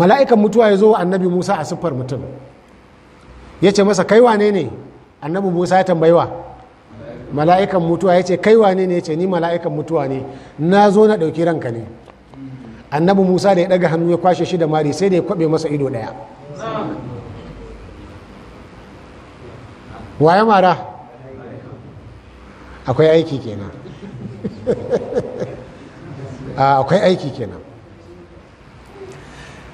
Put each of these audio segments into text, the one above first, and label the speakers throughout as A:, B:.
A: mala'ikan mutuwa ya zo wa annabi musa a siffar mutum ya ce masa kaiwa ne ne annabi musa ya tambaiwa mala'ikan mutuwa ya ce kaiwa ne ne ya ce ni mala'ikan mutuwa ne na zo na ɗauki ranka ne annabi musa da ya ɗaga hannu ya kwashe shi da mari sai da ya kwaɓe masa ido ɗaya waye mara akwai aiki kenan ah, akwai aiki kenan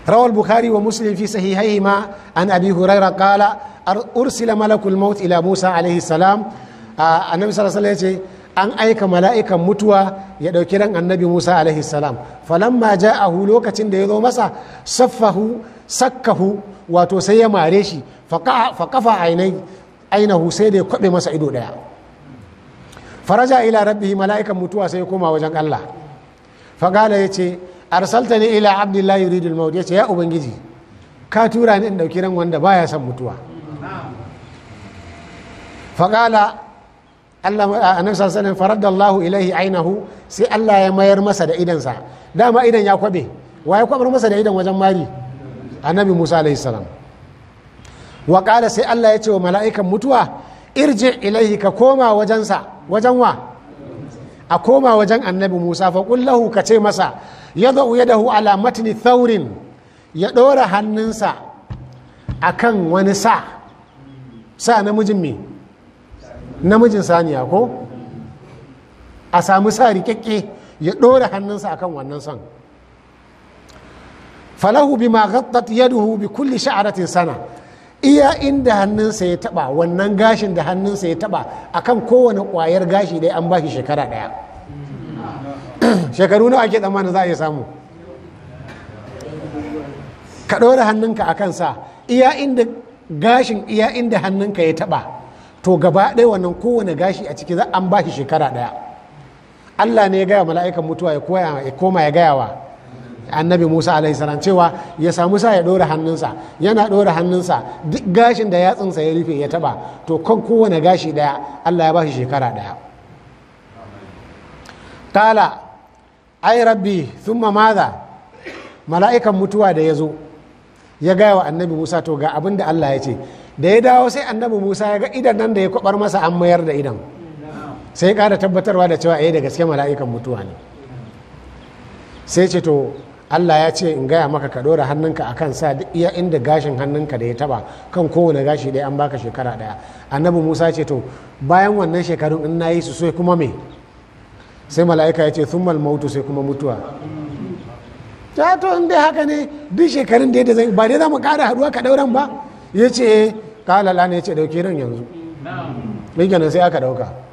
A: روى البخاري ومسلم في صحيحيهما عن أبي هريرة قال أرسل ملك الموت إلى موسى عليه السلام النبي صلى الله عليه وسلم an aika mala'ikan mutuwa ya ɗauki ran annabi musa alaihi salam falamma ja'ahu lokacin da ya zo masa saffahu sakkahu wato sai ya mare shi faƙafa ainihu sai da ya kwaɓe masa ido ɗaya faraja ila rabbihi mala'ikan mutuwa sai ya koma wajen allah fagala yace. arsaltani ila abdullahi yuridul maut yace ya ubangiji ka tura ni in dauki ran wanda baya son mutuwa faqala Allah annabi sallallahu faradda ilaihi ainahu sai Allah ya mayar masa da idansa dama idan ya kwabe Waye kwabar masa da idan wajen mari annabi Musa alaihi salam wa qala sai Allah ya ce wa mala'ikan mutuwa irji ilaihi ka koma wajensa wajen wa a koma wajen annabi musa fa kullahu ka ce masa ya zo ya dahu ala thaurin ya ɗora hannunsa a kan wani sa sa namijin me namijin saniya ko a samu sa rikakke ya ɗora hannunsa a kan wannan son falahu bi ma ghattat yaduhu bi kulli sha'aratin sana iya inda hannunsa ya taba wannan gashin da hannunsa ya taba akan kowane kwayar gashi dai an ba shi shekara daya shekaru nawa ake tsammanin za a iya samu ka ɗora hannunka a kansa iya inda gashin iya inda hannunka ya taba to gaba ɗaya wannan kowane gashi a ciki za an ba shi shekara ɗaya allah ne ya gaya mala'ikan mutuwa ya koma ya gaya wa annabi musa salam cewa ya samu sa ya dora hannunsa yana ɗora hannunsa duk gashin da yatsunsa ya rufe ya taba to kan kowane gashi daya allah ya ba shi shekara ɗaya kala ai rabbi thumma maza mala'ikan mutuwa da ya zo ya gaya wa annabi musa to ga abin da allah ya ce da ya dawo sai annabi musa ya ga idan nan da ya kwabar masa an mayar da idan sai ya ƙara tabbatarwa da cewa eh da gaske mala'ikan mutuwa ne sai ce to Allah ya ce in gaya maka ka dora hannunka a kan sa duk iya inda gashin hannunka da ya taba kan kowane gashi dai an baka shekara daya annabi Musa ce to bayan wannan shekarun in na yi su sai kuma me sai mala'ika ya ce sun mautu sai kuma mutuwa ta to in dai haka ne duk shekarun da zai ba dai za mu kara haduwa ka dauran ba ya ce eh, kala lana ya ce dauke ran yanzu shi sai aka dauka